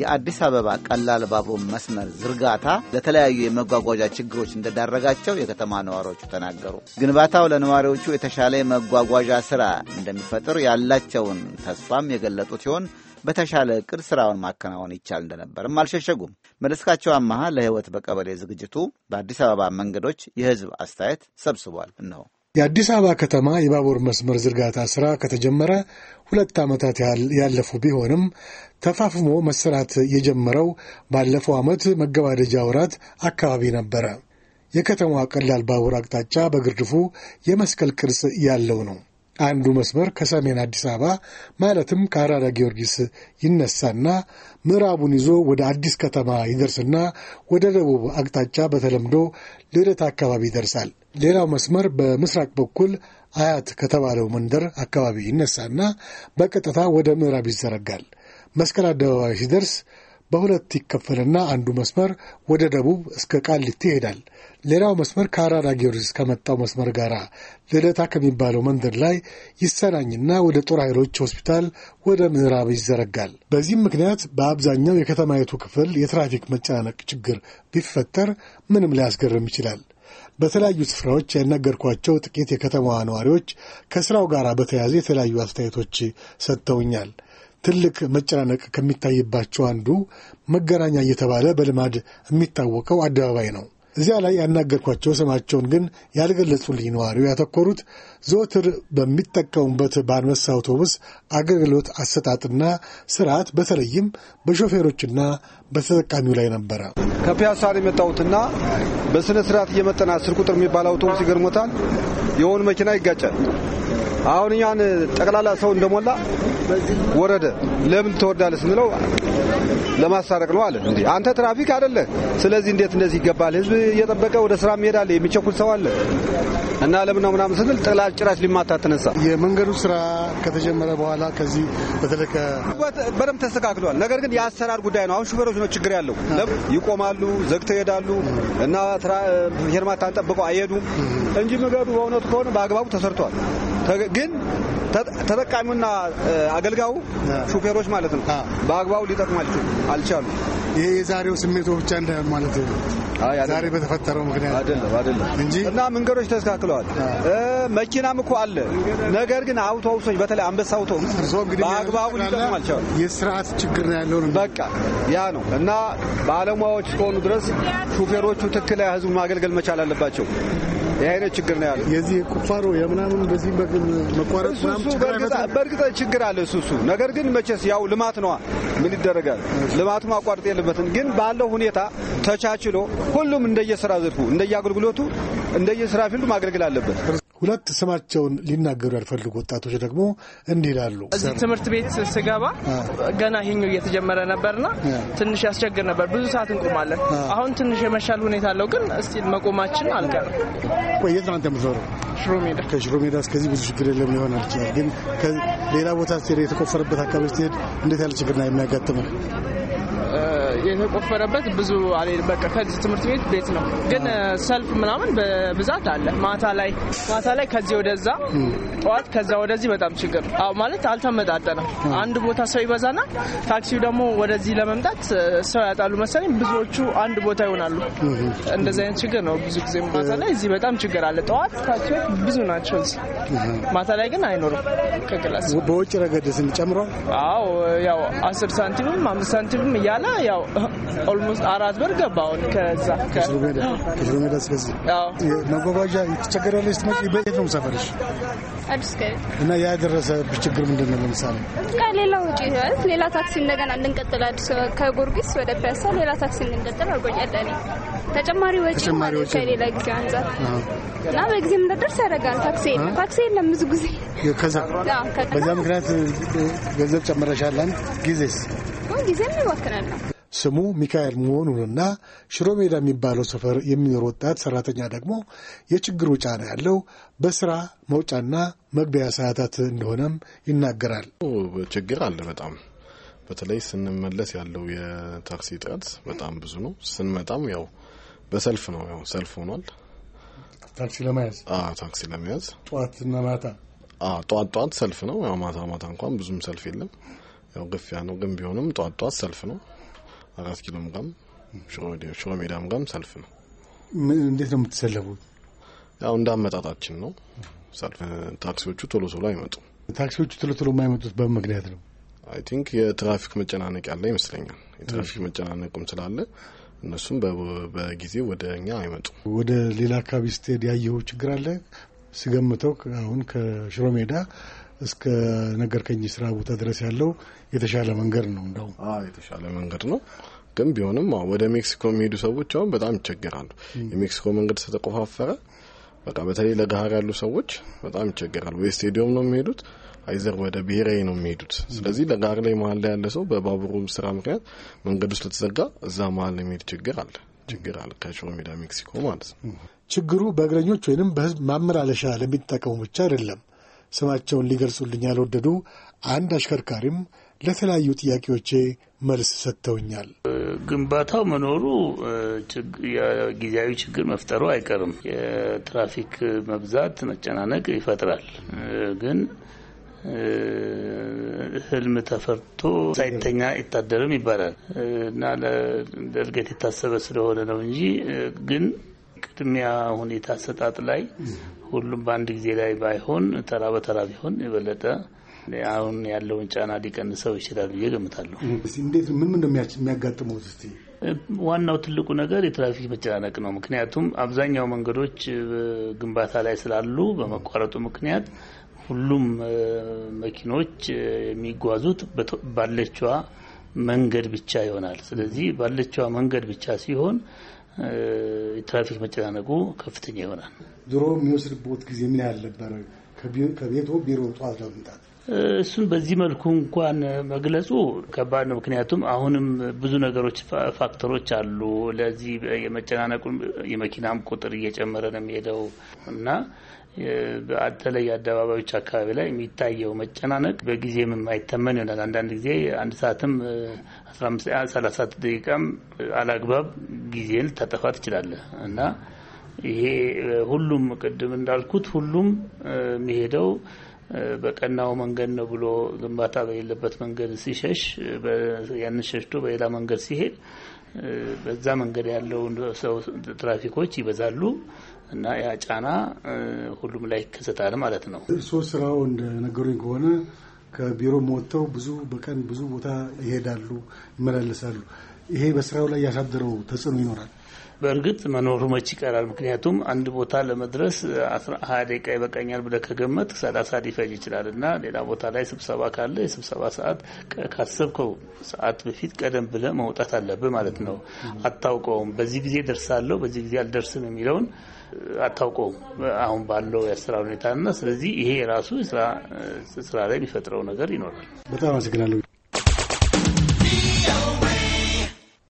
የአዲስ አበባ ቀላል ባቡር መስመር ዝርጋታ ለተለያዩ የመጓጓዣ ችግሮች እንደዳረጋቸው የከተማ ነዋሪዎቹ ተናገሩ። ግንባታው ለነዋሪዎቹ የተሻለ የመጓጓዣ ስራ እንደሚፈጥር ያላቸውን ተስፋም የገለጡ ሲሆን በተሻለ እቅድ ስራውን ማከናወን ይቻል እንደነበርም አልሸሸጉም። መለስካቸው አመሃ ለህይወት በቀበሌ ዝግጅቱ በአዲስ አበባ መንገዶች የህዝብ አስተያየት ሰብስቧል እነሆ የአዲስ አበባ ከተማ የባቡር መስመር ዝርጋታ ስራ ከተጀመረ ሁለት ዓመታት ያለፉ ቢሆንም ተፋፍሞ መሰራት የጀመረው ባለፈው ዓመት መገባደጃ ወራት አካባቢ ነበረ። የከተማዋ ቀላል ባቡር አቅጣጫ በግርድፉ የመስቀል ቅርጽ ያለው ነው። አንዱ መስመር ከሰሜን አዲስ አበባ ማለትም ከአራዳ ጊዮርጊስ ይነሳና ምዕራቡን ይዞ ወደ አዲስ ከተማ ይደርስና ወደ ደቡብ አቅጣጫ በተለምዶ ልደት አካባቢ ይደርሳል። ሌላው መስመር በምስራቅ በኩል አያት ከተባለው መንደር አካባቢ ይነሳና በቀጥታ ወደ ምዕራብ ይዘረጋል። መስቀል አደባባይ ሲደርስ በሁለት ይከፈልና አንዱ መስመር ወደ ደቡብ እስከ ቃሊቲ ይሄዳል። ሌላው መስመር ከአራዳ ጊዮርጊስ ከመጣው መስመር ጋር ልደታ ከሚባለው መንደር ላይ ይሰናኝና ወደ ጦር ኃይሎች ሆስፒታል ወደ ምዕራብ ይዘረጋል። በዚህም ምክንያት በአብዛኛው የከተማይቱ ክፍል የትራፊክ መጨናነቅ ችግር ቢፈጠር ምንም ሊያስገርም ይችላል። በተለያዩ ስፍራዎች ያናገርኳቸው ጥቂት የከተማዋ ነዋሪዎች ከስራው ጋር በተያያዘ የተለያዩ አስተያየቶች ሰጥተውኛል። ትልቅ መጨናነቅ ከሚታይባቸው አንዱ መገናኛ እየተባለ በልማድ የሚታወቀው አደባባይ ነው። እዚያ ላይ ያናገርኳቸው ስማቸውን ግን ያልገለጹልኝ ነዋሪው ያተኮሩት ዘወትር በሚጠቀሙበት በአንበሳ አውቶቡስ አገልግሎት አሰጣጥና ስርዓት በተለይም በሾፌሮችና በተጠቃሚው ላይ ነበረ። ከፒያሳ የመጣሁትና በስነ ስርዓት እየመጠና አስር ቁጥር የሚባል አውቶቡስ ይገርሞታል። የሆን መኪና ይጋጫል። አሁን እኛን ጠቅላላ ሰው እንደሞላ ወረደ። ለምን ትወርዳለህ ስንለው ለማሳረቅ ነው አለ። እንዴ አንተ ትራፊክ አይደለ? ስለዚህ እንዴት እንደዚህ ይገባል? ህዝብ እየጠበቀ ወደ ስራ ይሄዳል። የሚቸኩል ሰው አለ እና ለምን ነው ምናምን ስንል ጥላ ጭራሽ ሊማታ ተነሳ። የመንገዱ ስራ ከተጀመረ በኋላ ከዚህ በተለከ በደምብ ተስተካክሏል። ነገር ግን የአሰራር ጉዳይ ነው። አሁን ሹፌሮች ነው ችግር ያለው። ይቆማሉ፣ ዘግተው ይሄዳሉ እና ሄርማታን ጠብቀው አይሄዱም እንጂ መንገዱ በእውነቱ ከሆነ በአግባቡ ተሰርቷል። ግን ተጠቃሚውና አገልጋዩ ሹፌሮች ማለት ነው በአግባቡ ሊጠቅማቸው አልቻሉ። ይሄ የዛሬው ስሜቶ ብቻ እንዳይሆን ማለት ነው። ዛሬ በተፈጠረው ምክንያት አይደለም አይደለም እንጂ እና መንገዶች ተስተካክለዋል። መኪናም እኮ አለ። ነገር ግን አውቶቡሶች በተለይ አንበሳ አውቶቡስ በአግባቡ ሊጠቅም አልቻለም። የስርዓት ችግር ነው ያለው። በቃ ያ ነው እና ባለሙያዎች እስከሆኑ ድረስ ሹፌሮቹ ትክክል ላይ ህዝቡ ማገልገል መቻል አለባቸው። ይህ አይነት ችግር ነው ያለው። የዚህ ቁፋሮ የምናምን በዚህ መቋረጥ በእርግጥ ችግር አለ እሱ እሱ ነገር ግን መቼስ ያው ልማት ነዋ። ምን ይደረጋል? ልማቱም አቋርጥ የለም ያለበትን ግን ባለው ሁኔታ ተቻችሎ ሁሉም እንደየስራ ዘርፉ እንደየአገልግሎቱ እንደየስራ ፊልዱ ማገልገል አለበት። ሁለት ስማቸውን ሊናገሩ ያልፈልጉ ወጣቶች ደግሞ እንዲህ ይላሉ። እዚህ ትምህርት ቤት ስገባ ገና ይሄኛው እየተጀመረ ነበርና ትንሽ ያስቸግር ነበር። ብዙ ሰዓት እንቆማለን። አሁን ትንሽ የመሻል ሁኔታ አለው፣ ግን እስቲ መቆማችን አልቀርም። ቆየት ነው አንተ የምትኖረው? ሽሮ ሜዳ። ከሽሮ ሜዳ እስከዚህ ብዙ ችግር የለም ሊሆን አልችላል። ግን ሌላ ቦታ ስትሄድ የተቆፈረበት አካባቢ ስትሄድ እንዴት ያለ ችግርና የሚያጋጥመው የተቆፈረበት ብዙ አልሄድም። በቃ ከዚህ ትምህርት ቤት ቤት ነው። ግን ሰልፍ ምናምን በብዛት አለ። ማታ ላይ ማታ ላይ ከዚህ ወደዛ፣ ጠዋት ከዛ ወደዚህ በጣም ችግር ማለት አልተመጣጠነም። አንድ ቦታ ሰው ይበዛና ታክሲው ደግሞ ወደዚህ ለመምጣት ሰው ያጣሉ መሰለኝ። ብዙዎቹ አንድ ቦታ ይሆናሉ። እንደዚህ አይነት ችግር ነው ብዙ ጊዜ ማታ ላይ እዚህ በጣም ችግር አለ። ጠዋት ታክሲዎች ብዙ ናቸው እዚህ፣ ማታ ላይ ግን አይኖርም። ከግላስ በውጭ ረገድ ስንጨምሯል። አዎ ያው አስር ሳንቲምም አምስት ሳንቲምም እያለ ያው ኦልሞስት አራት ብር ገባ። አሁን ከዛ ከሽሮ ሜዳ እስከዚህ መጓጓዣ ትቸገሪያለሽ። ስትመጪ በየት ነው ሰፈርሽ? እና ያ የደረሰብሽ ችግር ምንድን ነው? ለምሳሌ ሌላ ውጪ ሌላ ታክሲ እንደገና እንድንቀጥል አዲስ ከጎርጊስ ወደ ፒያሳ ሌላ ታክሲ እንድንቀጥል አድርጎኛል። ለእኔ ተጨማሪ ወጪ ከሌላ ጊዜ አንጻር እና በጊዜ እንደደርስ ያደርጋል። ታክሲ የለም፣ ታክሲ የለም ብዙ ጊዜ ከዛ በዛ ምክንያት ገንዘብ ጨምረሻል። ጊዜስ ጊዜም እንባክናል ነው ስሙ ሚካኤል መሆኑንና ሽሮ ሜዳ የሚባለው ሰፈር የሚኖር ወጣት ሰራተኛ ደግሞ የችግሩ ጫና ያለው በስራ መውጫና መግቢያ ሰዓታት እንደሆነም ይናገራል። ችግር አለ በጣም በተለይ ስንመለስ ያለው የታክሲ እጥረት በጣም ብዙ ነው። ስንመጣም ያው በሰልፍ ነው ያው ሰልፍ ሆኗል። ታክሲ ለመያዝ ታክሲ ለመያዝ ጠዋትና ማታ ጠዋት ጠዋት ሰልፍ ነው። ያው ማታ ማታ እንኳን ብዙም ሰልፍ የለም። ያው ግፊያ ነው ግን ቢሆንም ጠዋት ጠዋት ሰልፍ ነው። አራት ኪሎም ሽሮ ሜዳም ጋም ሰልፍ ነው። እንዴት ነው የምትሰለፉት? ያው እንዳመጣጣችን ነው ሰልፍ። ታክሲዎቹ ቶሎ ቶሎ አይመጡም። ታክሲዎቹ ቶሎ ቶሎ የማይመጡት በምን ምክንያት ነው? አይ ቲንክ የትራፊክ መጨናነቅ ያለ ይመስለኛል። የትራፊክ መጨናነቅም ስላለ እነሱም በጊዜ ወደ እኛ አይመጡም። ወደ ሌላ አካባቢ ስትሄድ ያየኸው ችግር አለ? ሲገምተው አሁን ከሽሮ ሜዳ እስከ ነገርከኝ ስራ ቦታ ድረስ ያለው የተሻለ መንገድ ነው። እንደውም የተሻለ መንገድ ነው። ግን ቢሆንም ወደ ሜክሲኮ የሚሄዱ ሰዎች አሁን በጣም ይቸገራሉ። የሜክሲኮ መንገድ ስለተቆፋፈረ በቃ በተለይ ለገሀር ያሉ ሰዎች በጣም ይቸገራሉ። ወይ ስቴዲየም ነው የሚሄዱት አይዘር ወደ ብሔራዊ ነው የሚሄዱት። ስለዚህ ለጋር ላይ መሀል ላይ ያለ ሰው በባቡሩ ስራ ምክንያት መንገዱ ስለተዘጋ እዛ መሀል የሚሄድ ችግር አለ። ችግር አለ ሜዳ ሜክሲኮ ማለት ነው። ችግሩ በእግረኞች ወይንም በህዝብ ማመላለሻ ለሚጠቀሙ ብቻ አይደለም። ስማቸውን ሊገልጹልኝ ያልወደዱ አንድ አሽከርካሪም ለተለያዩ ጥያቄዎቼ መልስ ሰጥተውኛል። ግንባታው መኖሩ የጊዜያዊ ችግር መፍጠሩ አይቀርም። የትራፊክ መብዛት መጨናነቅ ይፈጥራል ግን ህልም ተፈርቶ ሳይተኛ አይታደርም ይባላል እና ለእድገት የታሰበ ስለሆነ ነው እንጂ ግን ቅድሚያ ሁኔታ አሰጣጥ ላይ ሁሉም በአንድ ጊዜ ላይ ባይሆን ተራ በተራ ቢሆን የበለጠ አሁን ያለውን ጫና ሊቀንሰው ይችላል ብዬ ገምታለሁ። እንዴት ምን ምን የሚያጋጥሙት? ስ ዋናው ትልቁ ነገር የትራፊክ መጨናነቅ ነው። ምክንያቱም አብዛኛው መንገዶች ግንባታ ላይ ስላሉ በመቋረጡ ምክንያት ሁሉም መኪኖች የሚጓዙት ባለችዋ መንገድ ብቻ ይሆናል። ስለዚህ ባለችዋ መንገድ ብቻ ሲሆን የትራፊክ መጨናነቁ ከፍተኛ ይሆናል። ድሮ የሚወስድበት ጊዜ ምን ያህል ነበረ? ከቤቶ ቢሮ ጠዋት ለመምጣት እሱን በዚህ መልኩ እንኳን መግለጹ ከባድ ነው። ምክንያቱም አሁንም ብዙ ነገሮች ፋክተሮች አሉ። ለዚህ የመጨናነቁ የመኪናም ቁጥር እየጨመረ ነው የሚሄደው እና በተለይ አደባባዮች አካባቢ ላይ የሚታየው መጨናነቅ በጊዜም የማይተመን ይሆናል። አንዳንድ ጊዜ አንድ ሰዓትም ሰላሳ ደቂቃም አላግባብ ጊዜን ታጠፋ ትችላለህ እና ይሄ ሁሉም ቅድም እንዳልኩት ሁሉም የሚሄደው በቀናው መንገድ ነው ብሎ ግንባታ በሌለበት መንገድ ሲሸሽ ያንን ሸሽቶ በሌላ መንገድ ሲሄድ በዛ መንገድ ያለው ሰው ትራፊኮች ይበዛሉ እና ያ ጫና ሁሉም ላይ ይከሰታል ማለት ነው። እርስዎ ስራው እንደነገሩኝ ከሆነ ከቢሮ ወጥተው ብዙ በቀን ብዙ ቦታ ይሄዳሉ፣ ይመላለሳሉ። ይሄ በስራው ላይ ያሳደረው ተጽዕኖ ይኖራል? በእርግጥ መኖሩ መች ይቀራል። ምክንያቱም አንድ ቦታ ለመድረስ ሀያ ደቂቃ ይበቃኛል ብለህ ከገመት ሰላሳ ሊፈጅ ይችላል እና ሌላ ቦታ ላይ ስብሰባ ካለ የስብሰባ ሰዓት ካሰብከው ሰዓት በፊት ቀደም ብለህ መውጣት አለብህ ማለት ነው። አታውቀውም። በዚህ ጊዜ ደርሳለሁ፣ በዚህ ጊዜ አልደርስም የሚለውን አታውቀውም አሁን ባለው የስራ ሁኔታና ስለዚህ ይሄ የራሱ ስራ ላይ የሚፈጥረው ነገር ይኖራል። በጣም አመሰግናለሁ።